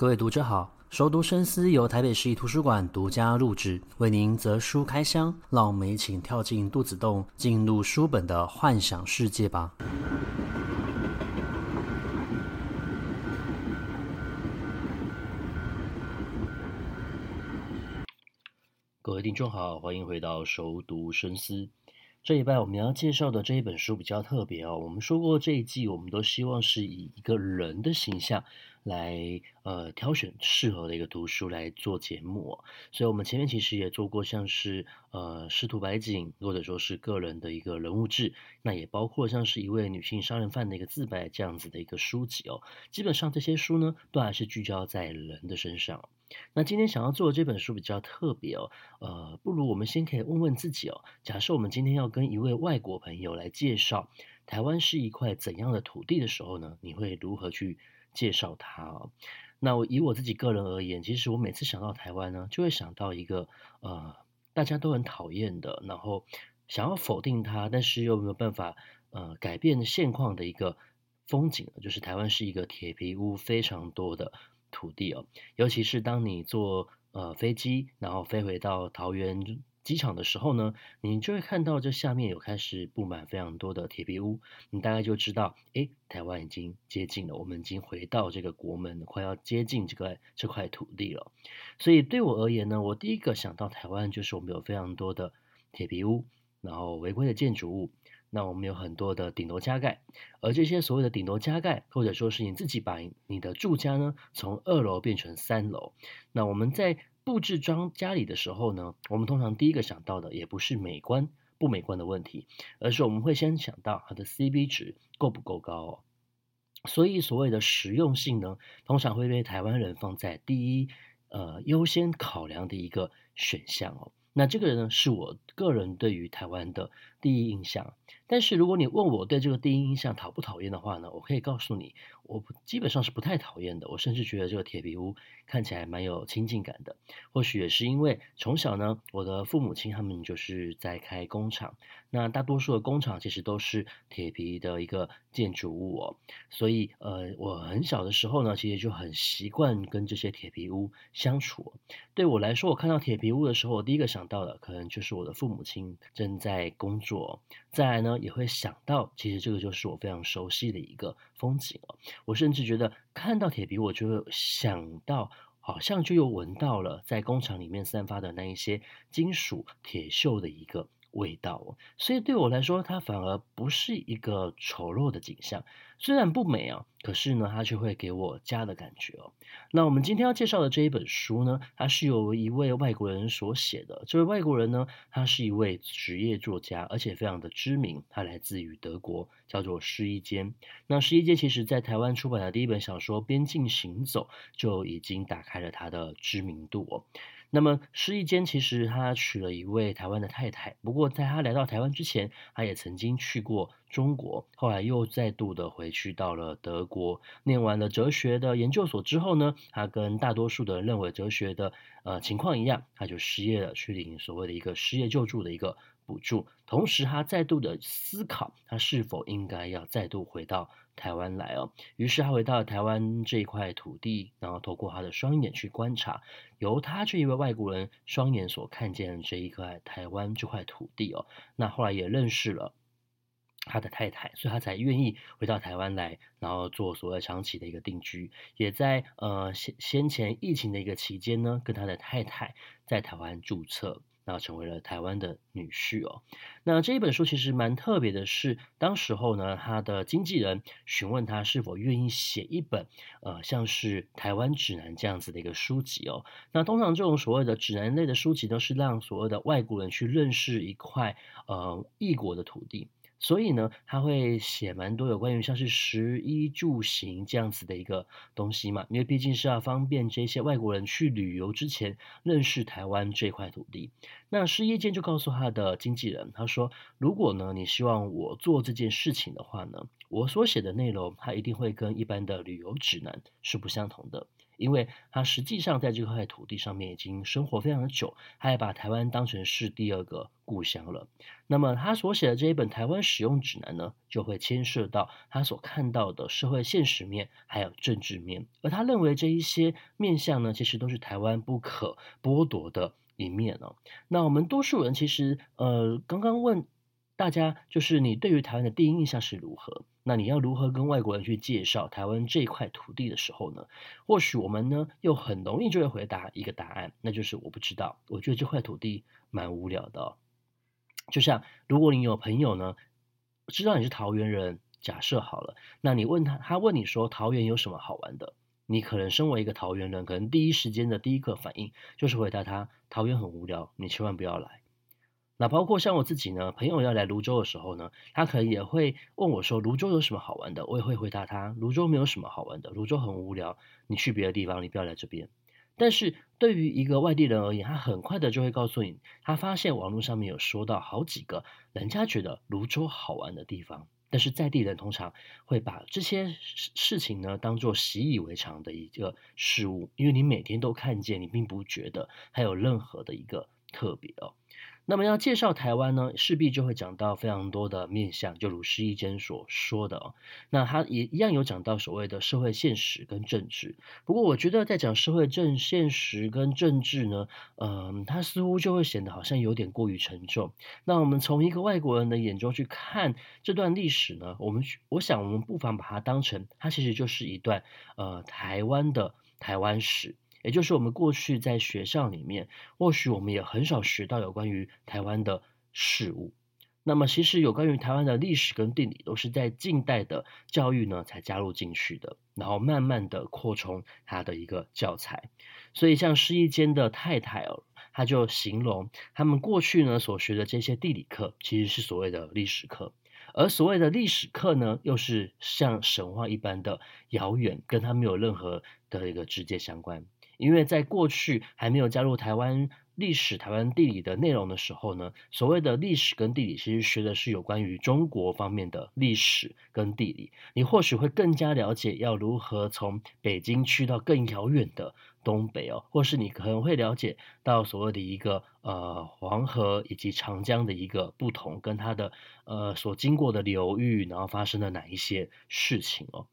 各位讀者好，熟讀深思由台北市立圖書館獨家錄制，為您擇書開箱，讓我們一起跳進兔子洞，進入書本的幻想世界吧。各位聽眾好，歡迎回到熟讀深思。這一拜我們要介紹的這一本書比較特別哦。我們說過這一季，我們都希望是以一個人的形象。來呃挑選適合的一個圖書來做節目哦，所以我們前面其實也做過像是呃師徒百景，或者說是個人的一個人物誌，那也包括像是一位女性殺人犯的一個自白這樣子的一個書籍哦。基本上這些書呢，都還是聚焦在人的身上。那今天想要做的這本書比較特別哦，呃，不如我們先可以問問自己哦，假設我們今天要跟一位外國朋友來介紹台灣是一塊怎樣的土地的時候呢，你會如何去介紹它。哦，那我以我自己個人而言，其實我每次想到台灣呢，就會想到一個呃，大家都很討厭的，然後想要否定它，但是又沒有辦法呃改變現況的一個風景，就是台灣是一個鐵皮屋非常多的土地哦，尤其是當你坐呃飛機，然後飛回到桃園機場的時候呢，你就會看到這下面有開始布滿非常多的鐵皮屋，你大概就知道，誒，台灣已經接近了，我們已經回到這個國門，快要接近這個這塊土地了。所以對我而言呢，我第一個想到台灣就是我們有非常多的鐵皮屋，然後違規的建築物。那我們有很多的頂樓加蓋，而這些所謂的頂樓加蓋，或者說是你自己把你的住家呢從二樓變成三樓，那我們在布置裝家裡的時候呢，我們通常第一個想到的也不是美觀不美觀的問題，而是我們會先想到它的 CP 值夠不夠高哦。所以所謂的實用性呢，通常會被台灣人放在第一，呃優先考量的一個選項哦。那這個人呢是我個人對於台灣的第一印象，但是如果你問我對這個第一印象討不討厭的話呢，我可以告訴你，我基本上是不太討厭的。我甚至覺得這個鐵皮屋看起來蠻有親近感的。或許也是因為從小呢，我的父母親他們就是在開工廠，那大多數的工廠其實都是鐵皮的一個建築物哦，所以呃，我很小的時候呢，其實就很習慣跟這些鐵皮屋相處。對我來說，我看到鐵皮屋的時候，我第一個想到的可能就是我的父母親正在工作。說，再來呢，也會想到，其實這個就是我非常熟悉的一個風景了。我甚至覺得看到鐵皮，我就會想到，好像就又聞到了在工廠裡面散發的那一些金屬鐵鏽的一個。味道哦，所以對我來說，它反而不是一個醜陋的景象。雖然不美啊、哦，可是呢，它卻會給我家的感覺哦。那我們今天要介紹的這一本書呢，它是由一位外國人所寫的。這位外國人呢，他是一位職業作家，而且非常的知名。他來自於德國，叫做施益堅。那施益堅其實在台灣出版的第一本小說《邊境行走》就已經打開了他的知名度哦。那麼，施益堅，其實他娶了一位台灣的太太。不過，在他來到台灣之前，他也曾經去過中國，後來又再度的回去到了德國，念完了哲學的研究所之後呢，他跟大多數的人認為哲學的呃情況一樣，他就失業了，去領所謂的一個失業救助的一個補助。同時，他再度的思考，他是否應該要再度回到台灣來哦，於是他回到台灣這一塊土地，然後透過他的雙眼去觀察，由他這一位外國人雙眼所看見的這一塊台灣這塊土地哦，那後來也認識了他的太太，所以他才願意回到台灣來，然後做所謂長期的一個定居，也在呃先先前疫情的一個期間呢，跟他的太太在台灣註冊。要成為了台灣的女婿哦。那這一本書其實蠻特別的是，是當時候呢，他的經紀人詢問他是否願意寫一本呃像是台灣指南這樣子的一個書籍哦。那通常這種所謂的指南類的書籍都是讓所謂的外國人去認識一塊呃異國的土地。所以呢，他會寫蠻多有關於像是食衣住行這樣子的一個東西嘛，因為畢竟是要、啊、方便這些外國人去旅遊之前認識台灣這塊土地。那失業健就告訴他的經紀人，他說：“如果呢，你希望我做這件事情的話呢，我所寫的內容，它一定會跟一般的旅遊指南是不相同的。”因為他實際上在這塊土地上面已經生活非常的久，他也把台灣當成是第二個故鄉了。那麼他所寫的這一本《台灣使用指南》呢，就會牽涉到他所看到的社會現實面，還有政治面。而他認為這一些面向呢，其實都是台灣不可剝奪的一面哦。那我們多數人其實，呃，剛剛問。大家就是你對於台灣的第一印象是如何？那你要如何跟外國人，去介紹台灣這塊土地的時候呢？或許我們呢又很容易就會回答一個答案，那就是我不知道。我覺得這塊土地蠻無聊的哦。就像如果你有朋友呢，知道你是桃園人，假設好了，那你問他，他問你說桃園有什麼好玩的？你可能身為一個桃園人，可能第一時間的第一個反應就是回答他：桃園很無聊，你千萬不要來。那包括像我自己呢，朋友要來蘆洲的時候呢，他可能也會問我說：“蘆洲有什麼好玩的？”我也會回答他：“蘆洲沒有什麼好玩的，蘆洲很無聊。你去別的地方，你不要來這邊。”但是對於一個外地人而言，他很快的就會告訴你，他發現網絡上面有說到好幾個人家覺得蘆洲好玩的地方，但是在地人通常會把這些事情呢當作習以為常的一個事物，因為你每天都看見，你並不覺得還有任何的一個特別哦。那麼要介紹台灣呢，勢必就會講到非常多的面向，就如施一間所說的哦，那他也一樣有講到所謂的社會現實跟政治。不過我覺得在講社會正現實跟政治呢，嗯、呃，他似乎就會顯得好像有點過於沉重。那我們從一個外國人的眼中去看這段歷史呢，我們去我想我們不妨把它當成，它其實就是一段呃台灣的台灣史。也就是我們過去在學校裡面，或許我們也很少學到有關於台灣的事物。那麼，其實有關於台灣的歷史跟地理，都是在近代的教育呢才加入進去的，然後慢慢的擴充它的一個教材。所以，像施益堅的太太哦，他就形容他們過去呢所學的這些地理課，其實是所謂的歷史課，而所謂的歷史課呢，又是像神話一般的遙遠，跟他沒有任何的一個直接相關。因為在過去還沒有加入台灣歷史、台灣地理的內容的時候呢，所謂的歷史跟地理，其實學的是有關於中國方面的歷史跟地理。你或許會更加了解要如何從北京去到更遙遠的東北哦，或是你可能會了解到所謂的一個呃黃河以及長江的一個不同跟它的呃所經過的流域，然後發生了哪一些事情哦。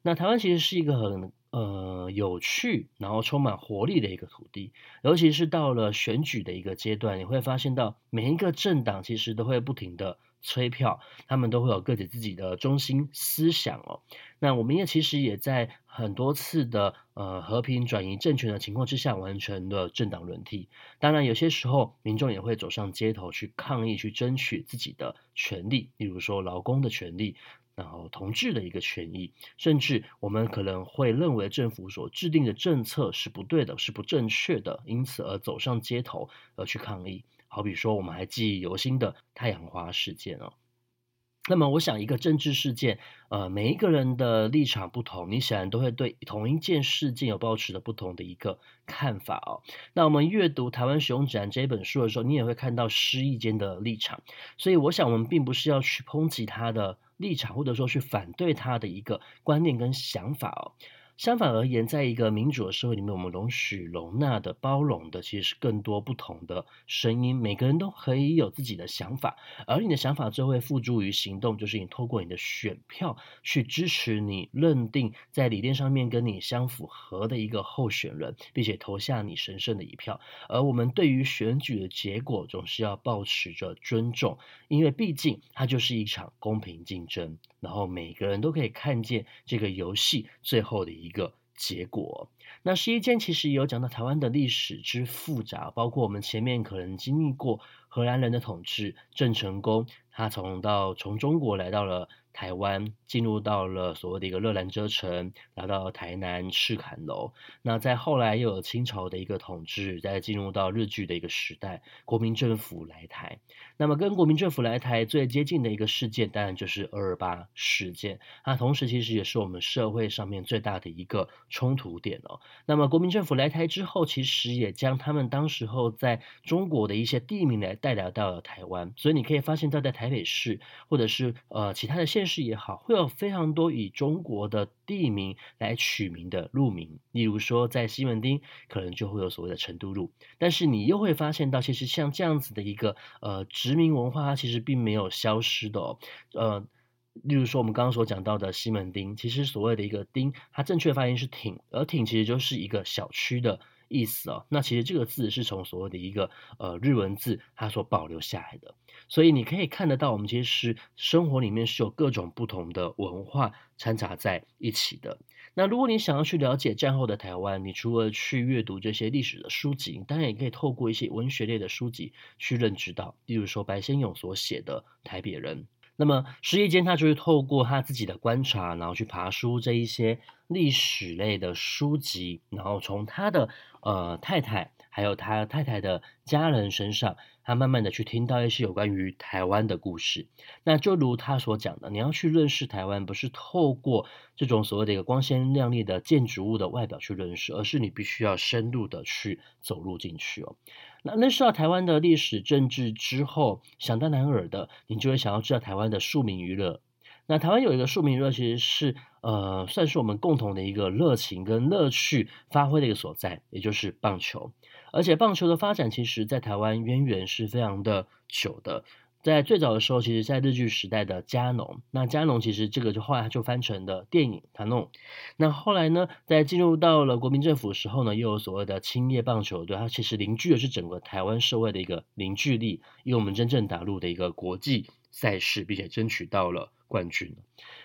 那台灣其實是一個很。呃，有趣，然後充滿活力的一個土地，尤其是到了選舉的一個階段，你會發現到每一個政黨其實都會不停的催票，他們都會有各自自己的中心思想哦。那我們也其實也在很多次的呃和平轉移政權的情況之下完成了政黨輪替。當然，有些時候民眾也會走上街頭去抗議，去爭取自己的權利，例如說勞工的權利。然後，同志的一個權益，甚至我們可能會認為政府所制定的政策是不對的，是不正確的，因此而走上街頭而去抗議。好比說，我們還記憶猶新的太陽花事件哦。那麼，我想一個政治事件，呃，每一個人的立場不同，你顯然都會對同一件事件有抱持著不同的一個看法哦。那我們閱讀《台灣使用指南》這一本書的時候，你也會看到失意間的立場。所以，我想我們並不是要去抨擊他的。立場，或者說去反對他的一個觀念跟想法哦。相反而言，在一個民主的社會裡面，我們容許、容納的、包容的，其實是更多不同的聲音。每個人都可以有自己的想法，而你的想法最後會付諸於行動，就是你透過你的選票去支持你認定在理念上面跟你相符合的一個候選人，並且投下你神聖的一票。而我們對於選舉的結果總是要保持着尊重，因為畢竟它就是一場公平競爭，然後每個人都可以看見這個遊戲最後的一。一個結果，那是一件其實也有講到台灣的歷史之複雜，包括我們前面可能經歷過荷蘭人的統治，鄭成功他從到從中國來到了。台灣進入到了所謂的一個熱蘭遮城，來到台南赤崁樓。那在後來又有清朝的一個統治，再進入到日據的一個時代，國民政府來台。那麼跟國民政府來台最接近的一個事件，當然就是二二八事件啊。同時其實也是我們社會上面最大的一個衝突點哦。那麼國民政府來台之後，其實也將他們當時候在中國的一些地名來帶來到了台灣，所以你可以發現他在台北市或者是呃其他的縣。其實也好，會有非常多以中國的地名來取名的路名，例如說在西門町，可能就會有所謂的成都路。但是你又會發現到，其實像這樣子的一個呃殖民文化，它其實並沒有消失的哦。呃，例如說我們剛剛所講到的西門町，其實所謂的一個町，它正確發音是町，而町其實就是一個小區的意思哦。那其實這個字是從所謂的一個呃日文字它所保留下來的。所以你可以看得到，我們其實是生活裡面是有各種不同的文化摻雜在一起的。那如果你想要去了解戰後的台灣，你除了去閱讀這些歷史的書籍，當然也可以透過一些文學類的書籍去認知到。例如說白先勇所寫的《台北人》，那麼石一堅，他就是透過他自己的觀察，然後去爬書這一些歷史類的書籍，然後從他的呃太太，還有他太太的家人身上。他慢慢的去聽到一些有關於台灣的故事，那就如他所講的，你要去認識台灣，不是透過這種所謂的一個光鮮亮麗的建築物的外表去認識，而是你必須要深入的去走入進去哦。那認識到台灣的歷史政治之後，想當然耳的，你就會想要知道台灣的庶民娛樂。那台灣有一個庶民娛樂，其實是呃，算是我們共同的一個熱情跟樂趣發揮的一個所在，也就是棒球。而且棒球的發展，其實在台灣淵源，是非常的久的。在最早的時候，其實在日據時代的嘉農，那嘉農其實這個就後來就翻成的電影“他弄”。那後來呢，在進入到了國民政府時候呢，又有所謂的青葉棒球隊，它其實凝聚的是整個台灣社會的一個凝聚力，因為我們真正打入的一個國際賽事，並且爭取到了冠軍。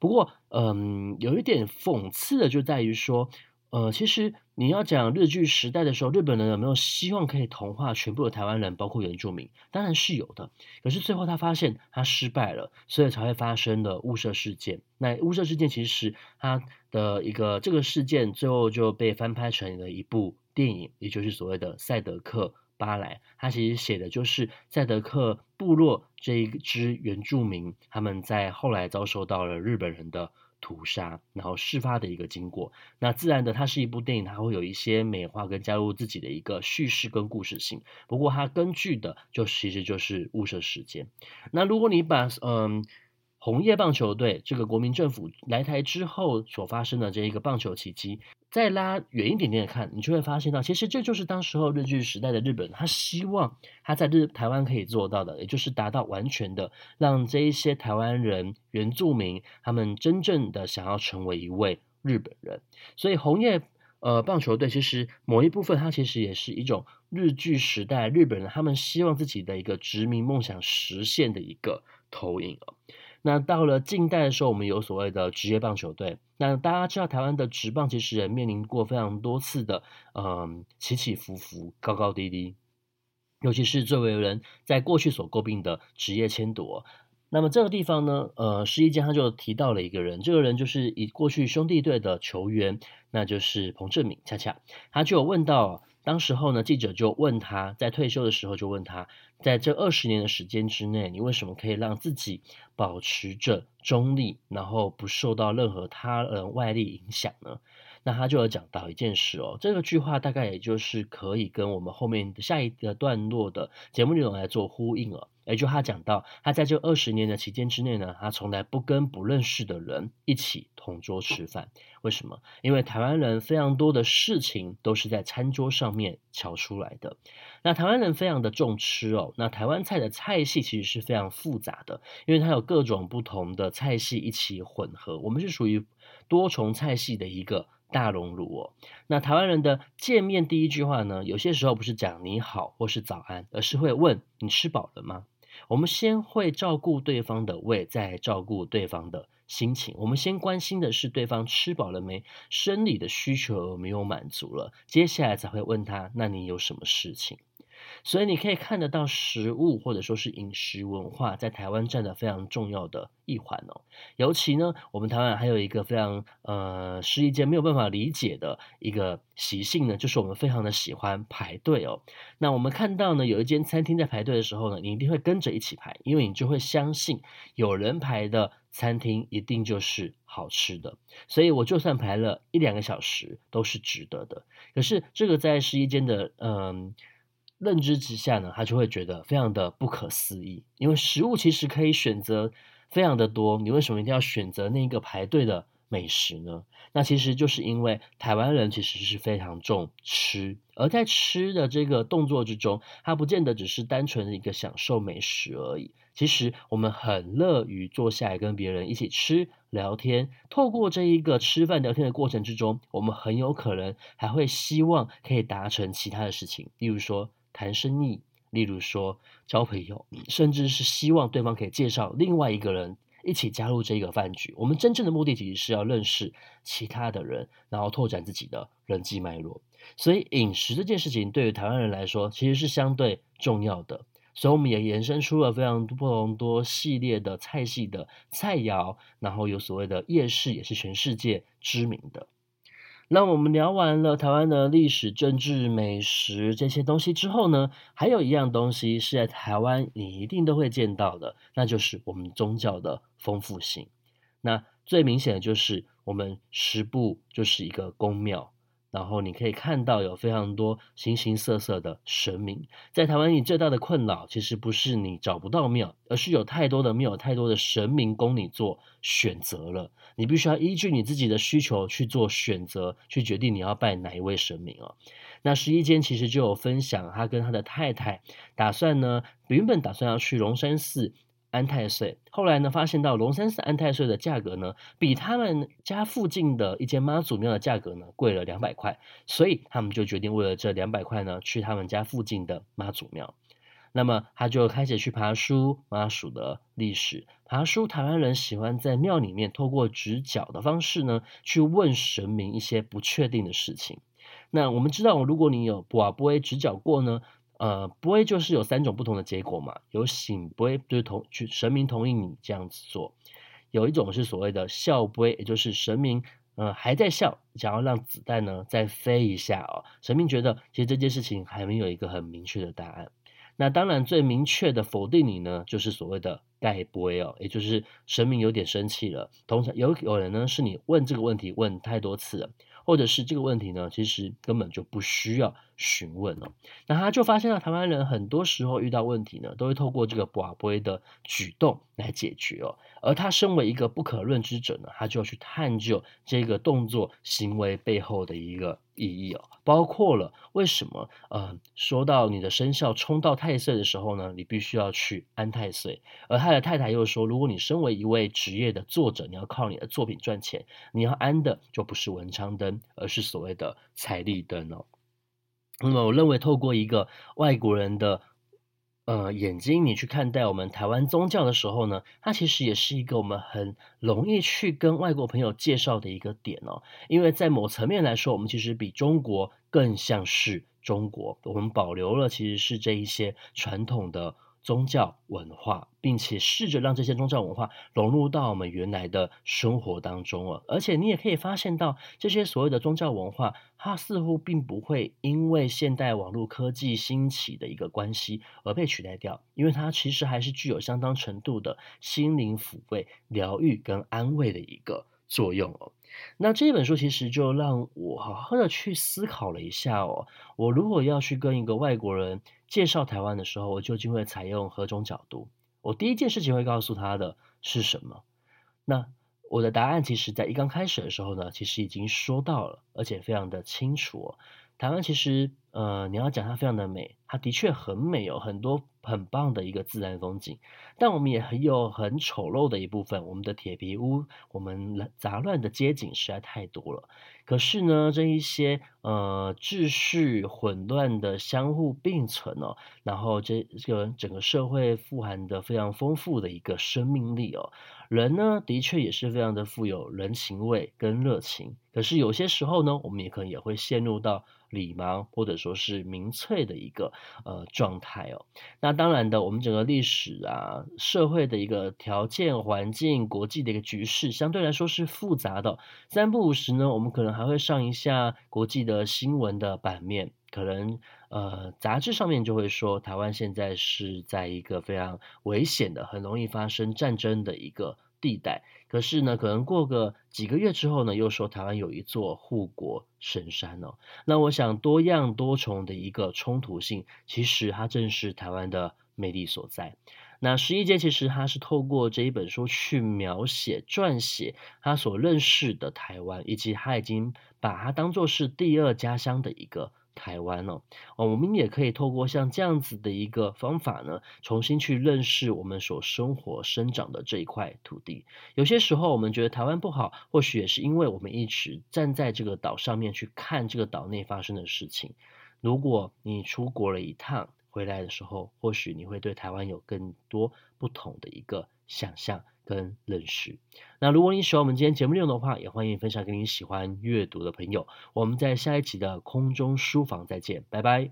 不過，嗯，有一點諷刺的就在於說，呃，其實你要講日據時代的時候，日本人有沒有希望可以同化全部的台灣人，包括原住民？當然是有的，可是最後他發現他失敗了，所以才會發生了霧社事件。那霧社事件其實他的一個這個事件，最後就被翻拍成了一部電影，也就是所謂的《賽德克·巴萊》。他其實寫的就是賽德克部落這一支原住民，他們在後來遭受到了日本人的。屠殺，然後事發的一個經過，那自然的，它是一部電影，它會有一些美化跟加入自己的一個敘事跟故事性。不過它根據的就其實就是霧社事件。那如果你把嗯。紅葉棒球隊，這個國民政府來台之後所發生的這一個棒球奇蹟。再拉遠一點點的看，你就會發現到，其實這就是當時候日據時代的日本人，他希望他在日台灣可以做到的，也就是達到完全的讓這一些台灣人、原住民，他們真正的想要成為一位日本人。所以紅葉呃棒球隊，其實某一部分，它其實也是一種日據時代日本人他們希望自己的一個殖民夢想實現的一個投影。那到了近代的時候，我們有所謂的職業棒球隊。那大家知道，台灣的職棒其實也面臨過非常多次的，嗯、呃，起起伏伏、高高低低。尤其是最為人在過去所詬病的職業簽賭。那麼這個地方呢，呃，十一先他就提到了一個人，這個人就是以過去兄弟隊的球員，那就是彭政閔。恰恰他就有問到，當時候呢，記者就問他在退休的時候就問他。在這二十年的時間之內，你為什麼可以讓自己保持着中立，然後不受到任何他人外力影響呢？那他就有講到一件事哦，這個句話大概也就是可以跟我們後面下一個段落的節目內容來做呼應了。也就他講到，他在這二十年的期間之內呢，他從來不跟不認識的人一起同桌吃飯。為什麼？因為台灣人非常多的事情都是在餐桌上面喬出來的。那台灣人非常的重吃哦，那台灣菜的菜系其實是非常複雜的，因為它有各種不同的菜系一起混合。我們是屬於多重菜系的一個。大榮辱哦，那台灣人的見面第一句話呢，有些時候不是講你好或是早安，而是會問你吃飽了嗎？我們先會照顧對方的胃，再照顧對方的心情。我們先關心的是對方吃飽了沒，生理的需求有沒有滿足了，接下來才會問他，那你有什麼事情？所以你可以看得到食物、或者說是飲食文化，在台灣佔的非常重要的一環哦。尤其呢，我們台灣還有一個非常，呃，試衣間沒有辦法理解的一個習性呢，就是我們非常的喜歡排隊哦。那我們看到呢，有一間餐廳在排隊的時候呢，你一定會跟着一起排，因為你就會相信有人排的餐廳一定就是好吃的。所以我就算排了一兩個小時，都是值得的。可是這個在試衣間的嗯。呃認知之下呢，他就會覺得非常的不可思議。因為食物其實可以選擇非常的多，你為什麼一定要選擇那個排隊的美食呢？那其實就是因為台灣人其實是非常重吃，而在吃的這個動作之中，他不見得只是單純的一個享受美食而已。其實我們很樂於坐下來跟別人一起吃、聊天，透過這一個吃飯聊天的過程之中，我們很有可能還會希望可以達成其他的事情，例如說。談生意，例如說交朋友，甚至是希望對方可以介紹另外一個人一起加入這個飯局。我們真正的目的其實是要認識其他的人，然後拓展自己的人際脈絡。所以飲食這件事情對於台灣人來說其實是相對重要的，所以我們也延伸出了非常多、多系列的菜系的菜餚，然後有所謂的夜市也是全世界知名的。那我們聊完了台灣的歷史、政治、美食這些東西之後呢，還有一樣東西是在台灣你一定都會見到的，那就是我們宗教的豐富性。那最明顯的就是我們十步就是一個宮廟。然後你可以看到有非常多形形色色的神明，在台灣你最大的困擾，其實不是你找不到廟，而是有太多的廟，太多的神明供你做選擇了。你必須要依據你自己的需求去做選擇，去決定你要拜哪一位神明哦，那十一間其實就有分享，他跟他的太太打算呢，原本打算要去龍山寺，安太歲，後來呢，發現到龍山寺安太歲的價格呢，比他們家附近的一間媽祖廟的價格呢貴了兩百塊，所以他們就決定為了這兩百塊呢，去他們家附近的媽祖廟。那麼他就開始去爬梳媽祖的歷史，爬梳。台灣人喜歡在廟裡面透過擲筊的方式呢，去問神明一些不確定的事情。那我們知道，如果你有不不為擲筊過呢？呃，杯就是有三種不同的結果嘛，有聖杯，就是同去神明同意你這樣子做。有一種是所謂的笑杯，也就是神明呃還在笑，想要讓子彈呢再飛一下哦。神明覺得其實這件事情還沒有一個很明確的答案。那當然，最明確的否定你呢，就是所謂的蓋杯哦，也就是神明有點生氣了。通常有有人呢是你問這個問題問太多次了，或者是這個問題呢其實根本就不需要。詢問哦，那他就發現了台灣人很多時候遇到問題呢，都會透過這個跋杯的舉動來解決哦。而他身為一個不可知論者呢，他就要去探究這個動作行為背後的一個意義哦，包括了為什麼呃，說到你的生肖沖到太歲的時候呢，你必須要去安太歲。而他的太太又說，如果你身為一位職業的作者，你要靠你的作品賺錢，你要安的就不是文昌燈，而是所謂的財利燈哦。那麼，我認為透過一個外國人的呃眼睛，你去看待我們台灣宗教的時候呢，它其實也是一個我們很容易去跟外國朋友介紹的一個點哦。因為在某層面來說，我們其實比中國更像是中國，我們保留了其實是這一些傳統的。宗教文化，並且試着讓這些宗教文化融入到我們原來的生活當中哦。而且你也可以發現到，這些所謂的宗教文化，它似乎並不會因為現代網絡科技興起的一個關係而被取代掉，因為它其實還是具有相當程度的心靈撫慰、療癒跟安慰的一個作用哦。那這本書其實就讓我好好的去思考了一下哦，我如果要去跟一個外國人，介紹台灣的時候，我究竟會採用何種角度？我第一件事情會告訴他的是什麼？那我的答案其實在一剛開始的時候呢，其實已經說到了，而且非常的清楚哦。台灣其實，呃，你要講它非常的美，它的確很美哦，很多很棒的一個自然風景。但我們也很有很醜陋的一部分，我們的鐵皮屋，我們雜亂的街景實在太多了。可是呢，這一些呃秩序混亂的相互並存哦，然後這這個整個社會富含的非常豐富的一個生命力哦。人呢，的確也是非常的富有人情味跟熱情，可是有些時候呢，我們也可能也會陷入到理盲或者說是民粹的一個呃狀態哦。那當然的，我們整個歷史啊、社會的一個條件環境、國際的一個局勢，相對來說是複雜的哦。三不五時呢，我們可能還會上一下國際的新聞的版面。可能呃，雜誌上面就會說，台灣現在是在一個非常危險的、很容易發生戰爭的一個地帶。可是呢，可能過個幾個月之後呢，又說台灣有一座護國神山哦。那我想，多樣多重的一個衝突性，其實它正是台灣的魅力所在。那十一傑其實他是透過這一本書去描寫、撰寫他所認識的台灣，以及他已經把它當做是第二家鄉的一個。台灣呢，哦，我們也可以透過像這樣子的一個方法呢，重新去認識我們所生活生長的這一塊土地。有些時候，我們覺得台灣不好，或許也是因為我們一直站在這個島上面去看這個島內發生的事情。如果你出國了一趟，回來的時候，或許你會對台灣有更多不同的一個想象。跟認識。那如果你喜歡我們今天節目內容的話，也歡迎分享給你喜歡閱讀的朋友。我們在下一集的空中書房再見，拜拜。